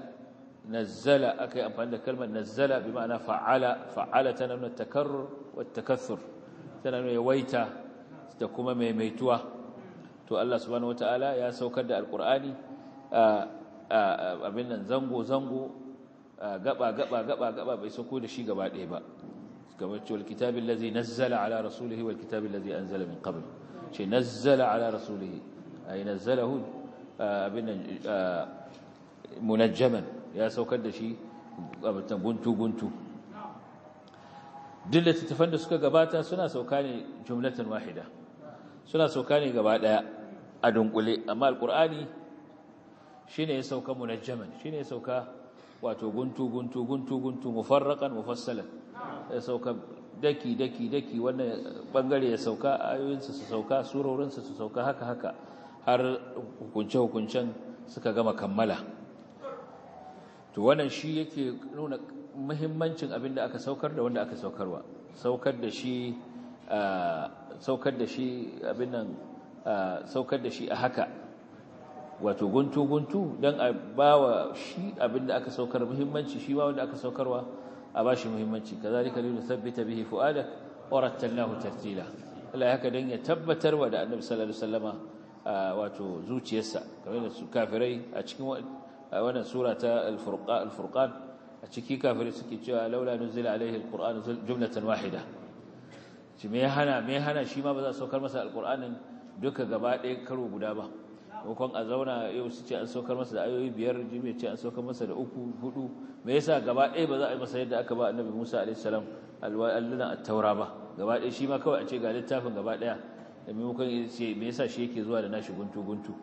nazzala yi amfani da kalmar nazzala bi ma'ana fa'ala fa'ala tana nuna takarrur wa tana nuna yawaita da kuma maimaituwa to Allah subhanahu wataala ya saukar da alkur'ani abin nan zango zango gaba gaba gaba gaba bai sauko da shi gaba ɗaya ba kamar cewa kitabin lazi nazzala ala rasulihi wal kitabin lazi anzala min qabl ce nazzala ala rasulihi ay nazzalahu abin munajjaman ya saukar da shi abin guntu guntu duk littattafan da suka gabata suna sauka ne jumlatan wahida suna sauka ne gabaɗaya a dunkule amma alqur'ani shine ya sauka munajjaman shine ya sauka wato guntu guntu guntu guntu mufarraqan mufassalan ya sauka daki daki daki wannan bangare ya sauka ayoyinsa su sauka surorinsa su sauka haka haka har hukunce hukuncen suka gama kammala to wannan shi yake nuna muhimmancin abinda aka saukar da wanda aka saukarwa saukar da shi ah, saukar da shi abin nan ah, saukar da shi a haka wato guntu guntu don a bawa shi abinda aka saukar muhimmanci shi ba wanda aka saukarwa a ba shi muhimmanci kazalika lil ta bihi fuadak wa nahu, tartila Allah haka dan ya wa da Annabi sallallahu alaihi wasallama wato zuciyarsa kamar da su kafirai a cikin wannan sura ta al-furqan a cikin kafirai suke cewa laula nuzila alaihi al-qur'an jumlatan wahida shi me hana me hana shi ma ba za a saukar masa al-qur'anin duka gaba ɗaya karo guda ba wakon a zauna yau su ce an saukar masa da ayoyi biyar jimi ce an saukar masa da uku hudu me yasa gaba ɗaya ba za a yi masa yadda aka ba annabi musa alaihi salam allunan attaura ba gaba ɗaya shi ma kawai a ce ga littafin gaba ɗaya da maimakon ce me yasa shi yake zuwa da nashi guntu guntu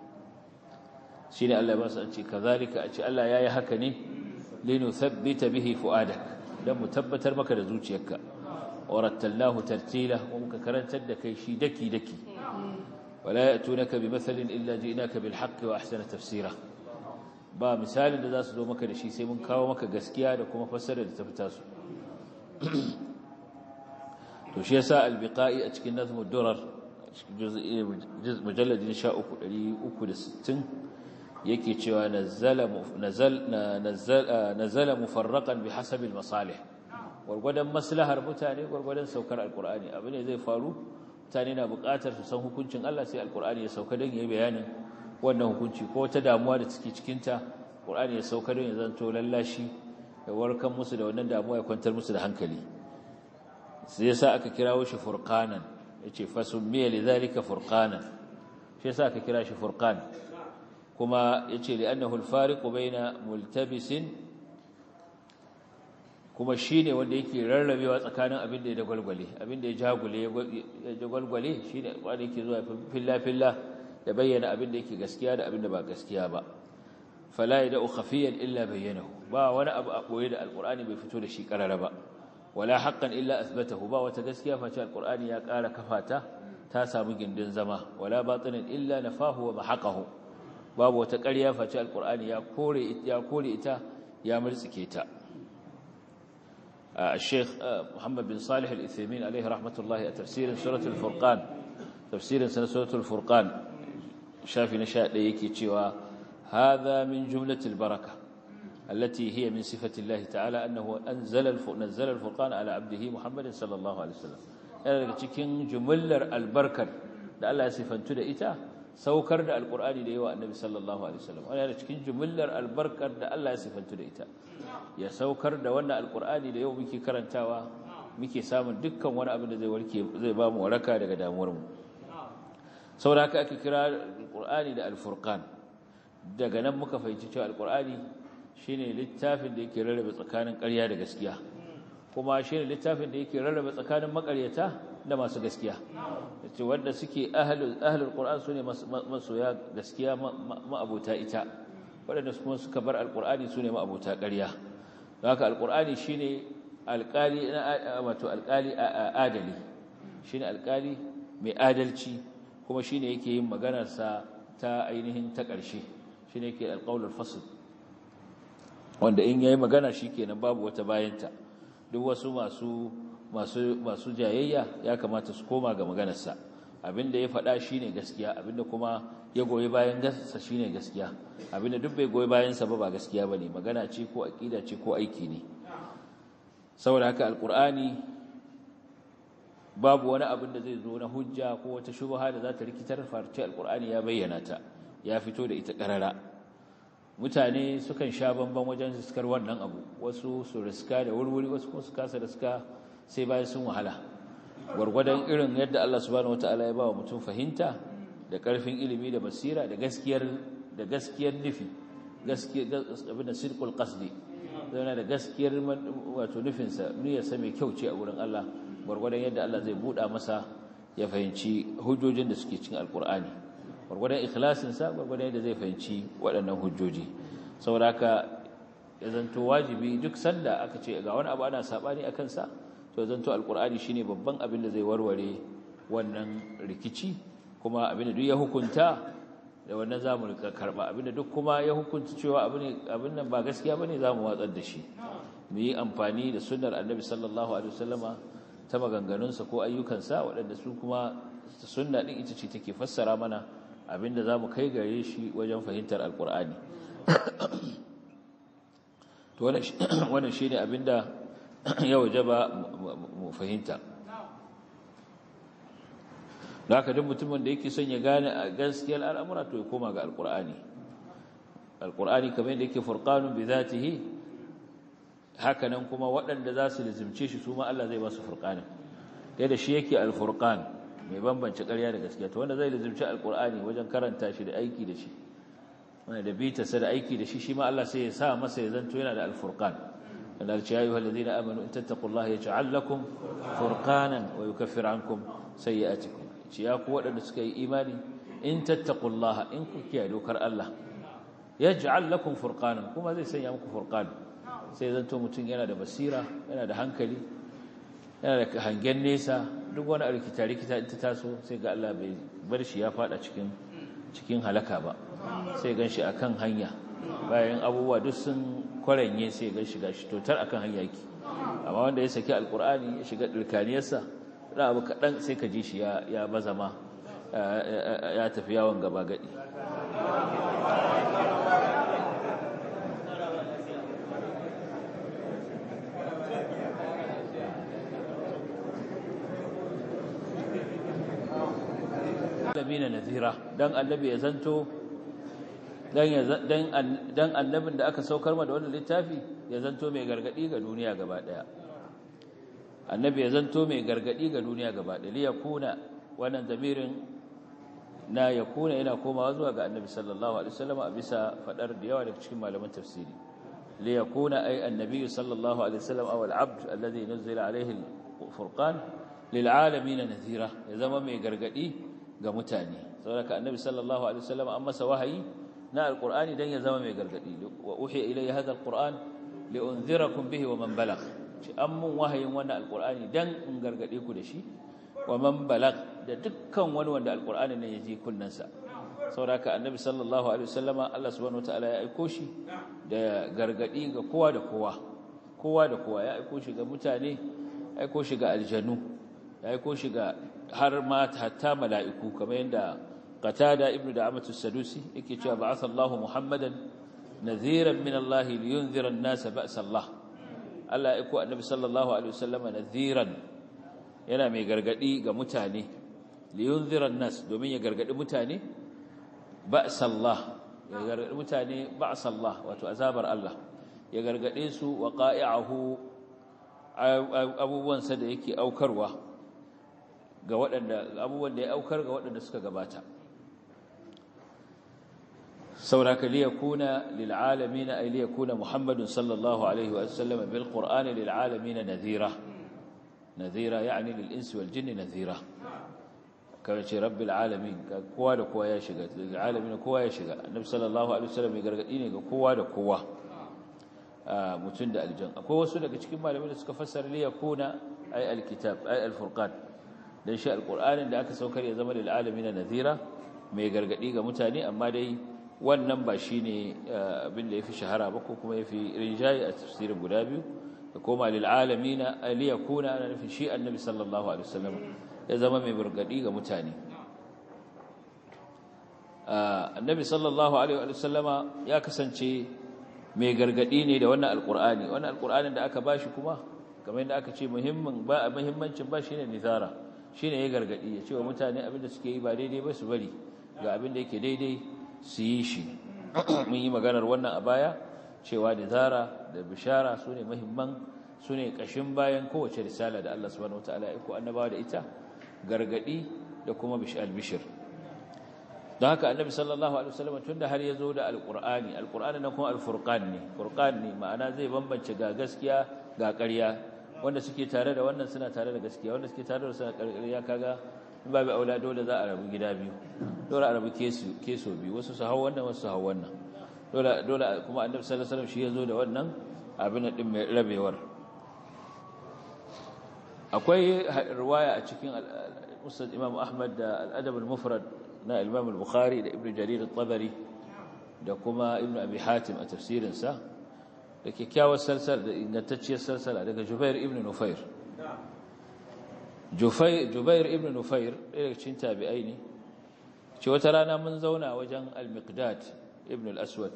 ne Allah ya ba su ce kazalika a ce Allah ya yi haka ne linuthabbita bihi fuadak don mu tabbatar maka da zuciyarka warattalnahu tartila kuma ka karantar da kai shi daki daki wala yatunaka bi mathalin illa ji'naka bil haqqi wa ahsana tafsira ba misalin da za su zo maka da shi sai mun kawo maka gaskiya da kuma fassara da ta fita su to shi yasa albiqa'i a cikin nazmud durar mujallad 1360 yake cewa nazala nazal nazala mufarraqan bihasabi almasalih gurgudan maslahar mutane gurgudan saukar alqur'ani abin ne zai faru mutane na buƙatar su san hukuncin Allah sai alkur'ani ya sauka don ya bayanin wannan hukunci ko wata damuwa da take cikinta ƙurani ya sauka don ya zanto lallashi ya warkar musu da wannan damuwa ya kwantar musu da hankali sai sa aka kirawo shi furqanan yace fasummiya lidhalika furqanan shi yasa aka kira shi furqan kuma yace li annahu alfariqu baina multabisin kuma shi ne wanda yake rarrabewa tsakanin abin da ya dagwalgwale abin da ya jagule ya shi ne wanda yake zuwa filla-filla da bayyana abin da yake gaskiya da abin da ba gaskiya ba fala ya da'u illa bayyana. ba wani abu a ɓoye da alƙur'ani bai fito da shi ƙarara ba wala haƙƙan illa asbatahu ba wata gaskiya face alƙur'ani ya ƙara kafa ta samu gindin zama wala batinan illa nafahu wa mahaqahu babu wata ƙarya face alƙur'ani ya ya kore ita ya murtsike ta الشيخ محمد بن صالح الإثيمين عليه رحمة الله تفسير سورة الفرقان تفسير سورة الفرقان شافي نشاء ليكي تشوى هذا من جملة البركة التي هي من صفة الله تعالى أنه أنزل نزل الفرقان على عبده محمد صلى الله عليه وسلم يعني لكي جملة البركة لألا سفنت لإتاه saukar da alkur'ani da yawa annabi sallallahu alaihi wasallam wannan cikin jimillar albarkar da Allah ya sifantu da ita ya saukar da wannan alkur'ani da yau muke karantawa muke samun dukkan wani abin da zai warke zai ba mu waraka daga damuwar mu saboda haka ake kira alkur'ani da alfurqan daga nan muka fahimci cewa alkur'ani shine littafin da yake rarrabe tsakanin ƙarya da gaskiya kuma shine littafin da yake rarrabe tsakanin makaryata da masu gaskiya yace wanda suke ahlul ahlul qur'an sune masoya gaskiya ma'abuta ita wanda kuma suka bar alqur'ani sune ma'abuta ƙarya haka alqur'ani shine alqali wato alqali adali shine alqali mai adalci kuma shine yake yin maganar sa ta ainihin ta ƙarshe shine yake alqaulul fasl wanda in yayi magana shikenan babu wata bayanta duk wasu masu masu jayayya ya kamata su koma ga maganarsa abinda ya faɗa shine gaskiya abinda kuma ya goyi bayan gasa shine gaskiya abinda duk bai goyi bayan sa ba ba gaskiya magana ce ko aƙida ce ko aiki ne saboda haka alƙur'ani babu wani abin da zai zo na hujja ko wata shubha da za ta rikitar farce alƙur'ani ya bayyana ta ya fito da ita karara mutane sukan sha bamban wajen riskar wannan abu wasu su riska da wurwuri wasu kuma su kasa riska sai bayan sun wahala gwargwadon irin yadda Allah subhanahu wataala ya ba wa mutum fahimta da ƙarfin ilimi da basira da gaskiyar da gaskiyar nufi gaskiyar abin da sirkul qasdi zauna da gaskiyar wato nufinsa sa mai kyau ce a wurin Allah gwargwadon yadda Allah zai buɗa masa ya fahimci hujjojin da suke cikin alkur'ani gwargwadon ikhlasinsa gwargwadon yadda zai fahimci waɗannan hujjoji saboda haka ya zanto wajibi duk sanda aka ce ga wani abu ana saɓani a kansa to zanto alkur'ani shine babban abin da zai warware wannan rikici kuma abin da duk ya hukunta da wannan zamu karba abin da duk kuma ya hukunta cewa abin abin nan ba gaskiya bane zamu watsar da shi mu yi amfani da sunnar annabi sallallahu alaihi wasallama ta maganganunsa ko ayyukansa waɗanda su kuma sunna din ita ce take fassara mana abin da zamu kai gare shi wajen fahimtar alkur'ani (coughs) to (coughs) wannan shine abin da ya waje ba mu fahimta da aka duk mutumin da yake son ya gane a gaskiyar al'amura to ya koma ga alkur'ani alkur'ani kamar yadda yake furqanun bi zatihi kuma waɗanda za su lizimce shi su ma Allah zai ba su furqanin da shi yake alfurkan mai bambance ƙarya da gaskiya to wanda zai lizimci alkur'ani wajen karanta shi da aiki da shi wanda da bita sa da aiki da shi shi Allah sai ya sa masa ya zanto yana da alfurkan. قال يا ايها الذين ya ان تتقوا الله يجعل لكم فرقانا ويكفر عنكم سيئاتكم يا قوه الذين سكي ايماني ان تتقوا الله ان كنت يدوكر الله يجعل لكم فرقانا كما زي سيا مكو فرقان سي زنتو متين yana da basira yana da hankali yana da hangen nesa duk wani arkita rikita ta taso sai ga Allah bai bar shi ya faɗa cikin cikin halaka ba sai ganshi akan hanya bayan abubuwa duk sun yin sai ga shiga shi totar akan kan hanyaki amma wanda ya saki alkur'ani ya shiga dirkaniyarsa da abu kaɗan sai ka ji shi ya baza ma ya tafi yawon gaba gaɗi nazira don annabi ya zanto dan annabin da aka saukar ma da wannan littafi ya zanto mai gargadi ga duniya gaba daya annabi ya zanto mai gargadi ga duniya gaba daya Liya kuna wannan zamirin na ya kuna. yana komawa zuwa ga annabi sallallahu alaihi wasallam a bisa fadar da yawa daga cikin malaman tafsiri Liya kuna ai annabi sallallahu alaihi wasallam aw al-abd alladhi nuzila alaihi al-furqan lil alamin nadhira ya zama mai gargadi ga mutane saboda annabi sallallahu alaihi wasallam an masa wahayi na alqur'ani dan ya zama mai gargadi wa uhiya ilayya hadha alqur'an unzirakum bihi wa man balagh An ammun wahayin wannan alqur'ani dan in gargade ku da shi wa man balagh da dukkan wani wanda alqur'ani ne ya ji sa sauraka annabi sallallahu alaihi wasallama Allah subhanahu ta'ala ya aiko shi da gargadi ga kowa da kowa kowa da kowa ya aiko shi ga mutane aiko shi ga aljanu ya aiko shi ga har ma hatta mala'iku kamar yadda Katada ibnu da'amatu sadusi yake cewa ba'atha Allahu Muhammadan nadhiran min Allah liyunzira an-nasa ba'sa Allah Allah ya ko annabi sallallahu alaihi wasallam nadhiran yana mai gargadi ga mutane liyunzira an domin ya gargadi mutane ba'sa ya gargadi mutane ba'sa wato azabar Allah ya gargade su wa qa'i'ahu abubuwansa da yake aukarwa ga waɗanda abubuwan da ya aukar ga waɗanda suka gabata saboda ka liya kuna lil'alamin ay liya kuna muhammadun sallallahu alaihi wa sallam bil qur'ani lil'alamin nadhira nadhira ya lil insi wal jinni nadhira kamar ce rabbil alamin kowa da kowa ya shiga lil alamin kowa ya shiga annabi sallallahu alaihi wa sallam ya gargadi ne ga kowa da kowa ah, mutum da aljan akwai wasu daga cikin malamai da suka fassara liya kuna ay alkitab ay alfurqan dan shi alqur'anin da aka saukar ya zama lil alamin nadhira mai gargadi ga mutane amma dai wannan ba shi ne eh, abin da ya fi shahara ba ko kuma ya fi rinjaye a tafsirin guda biyu da koma lil'alami na aliya eh, kuna ana nufin shi annabi sallallahu alaihi wasallam ya zama mai burgadi ga mutane eh, annabi sallallahu alaihi ya kasance mai gargadi ne da wannan alkur'ani wannan alkur'anin da aka bashi kuma kamar yadda aka ce muhimmin ba muhimmancin ba shine nizara shine ya gargadi ya ce wa mutane abin da suke yi ba daidai ba su bari ga abin da yake daidai su yi shi mun yi maganar wannan a baya cewa da zara da bishara su ne mahimman su ne ƙashin bayan kowace risala da Allah subhanahu wataala ya ko annabawa da ita gargadi da kuma bishir don haka annabi sallallahu alaihi wasallam da har ya zo da alqur'ani alqur'ani na kuma alfurqan ne furqan ne ma'ana zai bambance ga gaskiya ga ƙarya wanda suke tare da wannan suna tare da gaskiya wanda suke tare da suna ƙarya kaga babu aula dole za a rabu gida biyu dole a rabu keso biyu wasu su hau wannan wasu su hau wannan dole kuma annabi sallallahu alaihi shi ya zo da wannan abin din mai rabewar akwai riwaya a cikin musnad imam ahmad da al-adab al-mufrad na imam al-bukhari da ibnu jarir al-tabari da kuma ibn abi hatim a tafsirin sa da kyakkyawar salsala da ingantacciyar salsala daga jubair ibn nufair jubair ibn nufair ɗaya daga cikin tabi'ai ne ce wata rana mun zauna wajen al-miqdad ibn al-aswad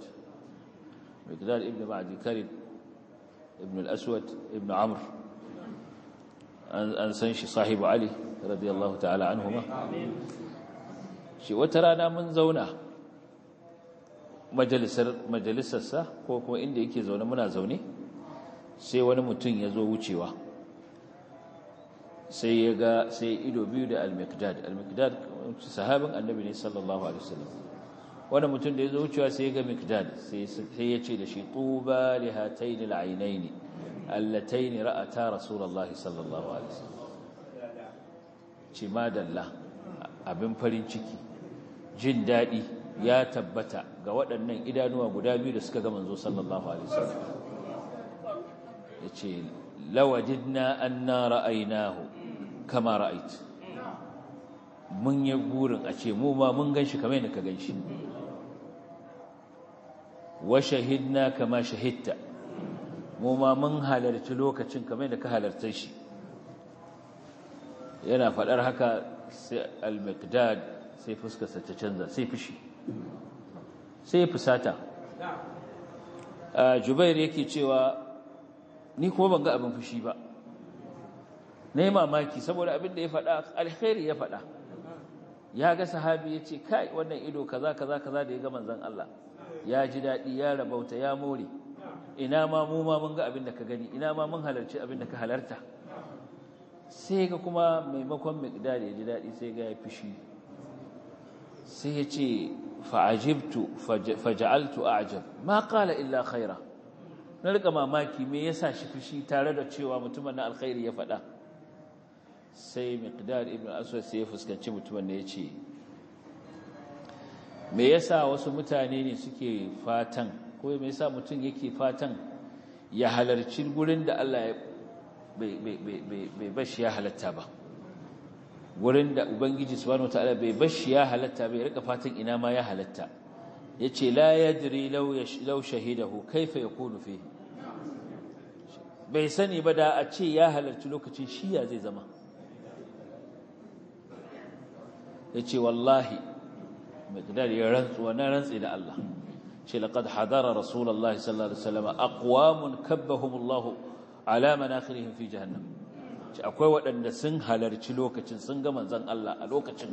miqdad ibn ma'di karib ibn al-aswad ibn amr an san shi sahibu ali radiyallahu ta'ala an anhuma ce wata rana mun zauna majalisarsa ko kuma inda yake zaune muna zaune sai wani mutum ya zo wucewa sai ya ga sai ido biyu da al-miqdad al-miqdad sahabin annabi ne sallallahu alaihi wasallam wani mutum da ya zo wucewa sai ya ga miqdad sai ya ce da shi tuba li hatayn al-aynayn allatayn ra'ata rasulullah sallallahu alaihi wasallam ce madalla abin farin ciki jin dadi ya tabbata ga waɗannan idanuwa guda biyu da suka ga manzo sallallahu alaihi wasallam yace lawajidna anna ra'aynahu kama ra'ait mun yi burin a ce mu ma mun ganshi kamar yadda ka ganshi wa shahidna kama shahidta mu ma mun halarci lokacin kamar yadda ka halarta shi yana faɗar haka sai al-miqdad sai fuskarsa ta canza sai fushi sai fusata ah, jubair yake cewa ni kuma ban ga abin fushi ba na yi mamaki saboda abin da ya faɗa alheri ya faɗa ya ga sahabi ya ce kai wannan ido kaza kaza kaza da ya ga manzan Allah ya ji daɗi ya rabauta ya more ina ma mu ma mun ga abin da ka gani ina ma mun halarci abin da ka halarta sai ga kuma maimakon miqdar ya ji daɗi sai ga ya fishi sai ya ce fa'ajibtu faja'altu a'jab ma qala illa khaira na rika mamaki me yasa shi fishi tare da cewa mutumin na alkhairi ya faɗa sai miqdad ibn aswad sai ya fuskanci mutumin da ya ce me yasa wasu mutane ne suke fatan ko me yasa mutum yake fatan ya halarci gurin da Allah bai bashi ya halatta ba gurin da ubangiji subhanahu wataala bai bashi ya halatta bai rika fatan ina ma ya halatta yace la yadri law law shahidahu kaifa yakunu fihi bai sani ba da a ce ya halarci lokacin shi ya zai zama ya ce wallahi miqdad ya rantsu wannan rantsi da Allah ce laqad hadara rasulullahi sallallahu alaihi wasallam aqwamun kabbahumullahu ala manakhirihim fi jahannam ce akwai waɗanda sun halarci lokacin sun ga manzon Allah a lokacin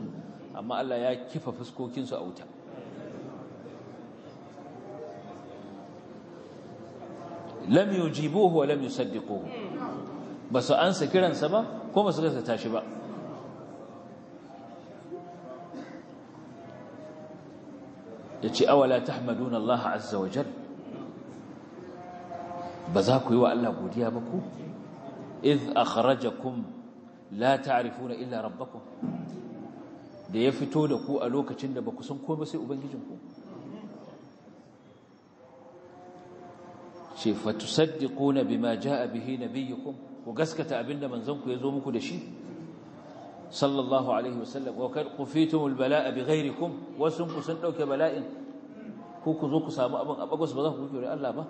amma Allah ya kifa fuskokin su a wuta lam yujibuhu wa lam yusaddiquhu basu ansa kiransa ba ko basu gasa tashi ba yace awala tahmaduna Allah azza wa jal ba za ku yi wa Allah godiya ba ku idh akhrajakum la ta'rifuna illa rabbakum da ya fito da ku a lokacin da ba ku san ba sai ku ce fatusaddiquna bima jaa bihi nabiyyukum ku gaskata abinda manzon ku yazo muku da shi sallallahu alaihi wasallam wa kad qufitum albala'a bighairikum wasun ku sun dauke bala'in ku ku zo ku samu abin a ba za ku kore Allah ba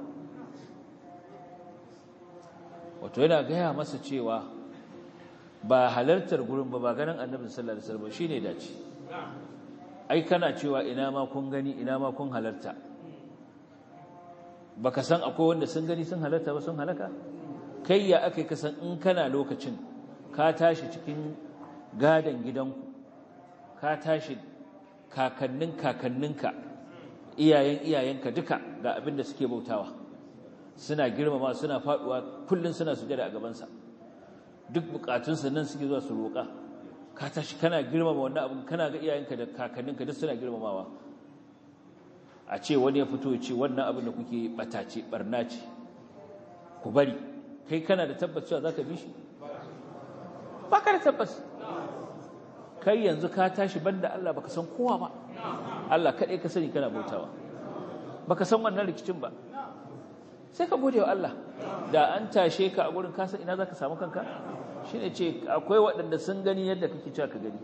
wato yana gaya masa cewa ba halartar gurin ba ba ganin annabi sallallahu alaihi wasallam shine dace ai kana cewa ina ma gani ina baka san akwai wanda sun gani sun halarta ba sun halaka kai ya aka yi kasan in kana lokacin ka tashi cikin gadon gidanku ka tashi kakannin kakanninka iyayen iyayenka duka ga abin da suke bautawa suna girmama suna faduwa kullun suna sujada a gabansa duk bukatunsa nan suke zuwa su roƙa ka tashi kana girmama wannan abin kana ga iyayenka da kakanninka duk suna girmamawa a ce wani ya fito ce wannan abin da kuke batace barna ce ku bari kai kana da tabbas cewa ka bi shi ba ka da tabbas kai yanzu ka tashi banda Allah baka san kowa ba Allah kaɗai ka sani kana bautawa baka san wannan rikicin ba sai ka gode wa Allah da an tashe ka a gurin san ina zaka samu kanka Shine ce akwai waɗanda sun gani yadda kake cewa ka gani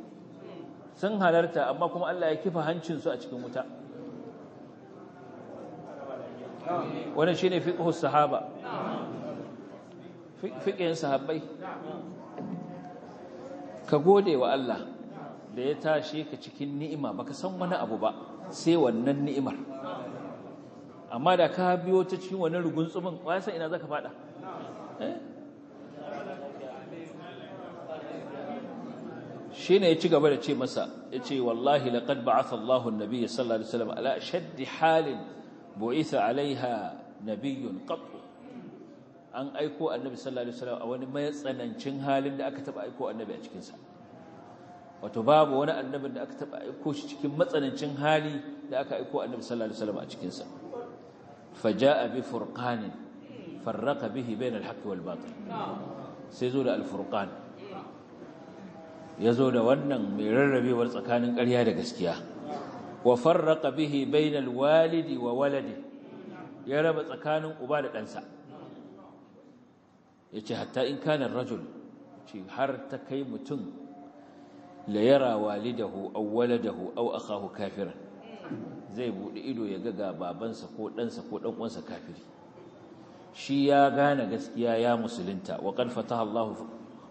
sun halarta amma kuma Allah ya kifa hancin su a cikin wuta wannan shine fiqhu sahaba fiqhin sahabbai ka gode wa Allah da ya tashe ka cikin ni'ima baka san wani abu ba sai wannan ni'imar amma da ka biyo ta cikin wani rugun tsumin waya san ina za ka fada eh? shi ne ya ci gaba da ce masa ya ce wallahi laqad ba'atha Allahu nabi ya sallallahu alaihi ala shaddi halin bu'itha alaiha nabiyyun qat an aiko annabi sallallahu alaihi a wani tsanancin halin da aka taɓa aiko annabi a cikinsa. wato babu wani annabin da aka taba aiko shi cikin matsanancin hali da aka aiko annabi sallallahu alaihi wasallam a cikin sa faja'a bi furqanin farraka bihi bainal haqqi wal batil sai zo da al furqan yazo da wannan mai rarrabewar tsakanin ƙarya da gaskiya wa farraka bihi bainal walidi wa waladi ya raba tsakanin uba da ɗansa yace hatta in kana rajul ce har ta kai mutum la yara walidahu aw waladahu au akahu kafiran zai buɗe ido ya ga babansa ko ɗansa ko ɗan uwansa kafiri shi ya gane gaskiya ya musulunta wa ƙarfata fataha Allahu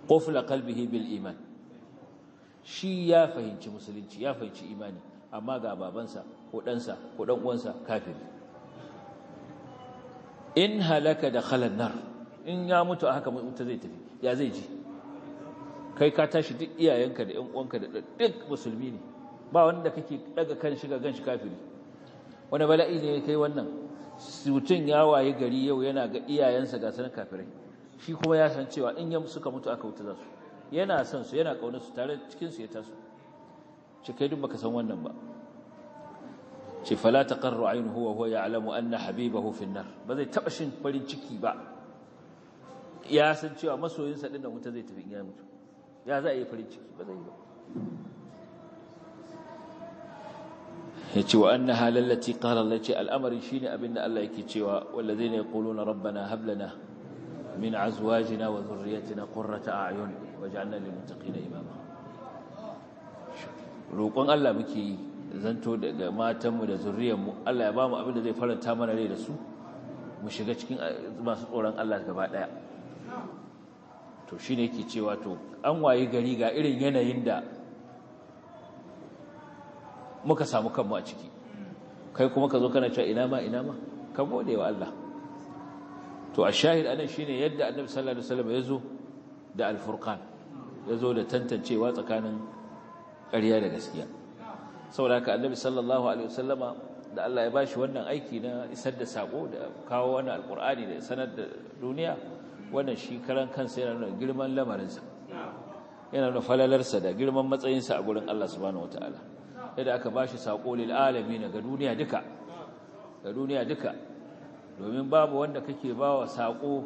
qufla bil iman shi ya fahimci musulunci ya fahimci imani amma ga babansa ko ɗansa ko ɗan uwansa kafiri in halaka da khalan nar in ya mutu haka mutu zai tafi ya zai ji kai ka tashi duk iyayenka da ƴan uwanka da duk musulmi ne ba wanda kake daga kan shiga gan shi kafiri wani bala'i ne kai wannan mutum ya waye gari yau yana ga iyayensa ga sanin kafirai shi kuma ya san cewa in ya suka mutu aka wuta za su yana son su yana kaunar su tare cikin su ya taso ce kai duk baka san wannan ba ce fala taqarru aynuhu wa huwa ya'lamu anna habibahu fi an-nar ba zai taba shin farin ciki ba ya san cewa masoyinsa din da wuta zai tafi in ya mutu ya za a yi farin ciki ba zai yi ba ya ce wa anna halallati Allah ce al'amarin shine abinda Allah yake cewa wallazina na rabbana hab min azwajina wa a qurrata a'yun waj'alna lil na imama roƙon Allah muke yi zanto daga matanmu da zurriyanmu Allah ya ba mu abinda zai faranta mana rai da su mu shiga cikin masu tsoron Allah gaba daya to shi ne ke cewa to an waye gari ga irin yanayin da muka samu kanmu a ciki kai kuma ka zo kana cewa ina ma ina ma ka gode wa Allah to a shahid anan shine yadda annabi sallallahu alaihi wasallam ya zo da alfurqan ya zo da tantancewa tsakanin ƙarya da gaskiya saboda ka annabi sallallahu alaihi wasallama da Allah ya bashi wannan aiki na isar da sako da kawo wannan alqur'ani da sanar da duniya wannan shi karan kansa yana nuna girman lamarinsa yana nuna falalarsa da girman matsayinsa a gurin Allah subhanahu wataala yadda aka ba shi sako lil alamin ga duniya duka ga duniya duka domin babu wanda kake bawa sako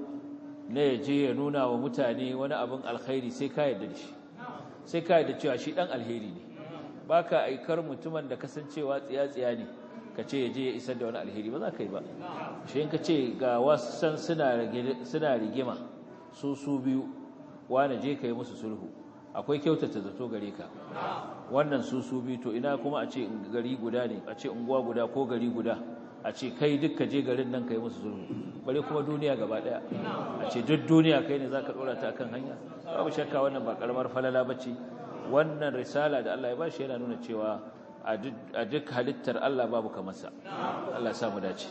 na yaje ya nuna wa mutane wani abin alkhairi sai ka yadda da shi sai ka yadda cewa shi dan alheri ne baka aikar mutumin da kasancewa tsiya-tsiya ne ka ce ya je ya isar da wani alheri ba za ka yi ba shi ka ce ga wasan suna rigima su su biyu wane je ka yi musu sulhu akwai kyautata zato gare ka wannan su su biyu to ina kuma a ce gari guda ne a ce unguwa guda ko gari guda a ce kai duk ka je garin nan ka yi musu sulhu bare kuma duniya gaba daya a ce duk duniya kai ne za ka dora ta kan hanya babu shakka wannan ba karamar falala ba ce wannan risala da Allah ya ba shi yana nuna cewa a duk halittar Allah babu kamarsa Allah samu dace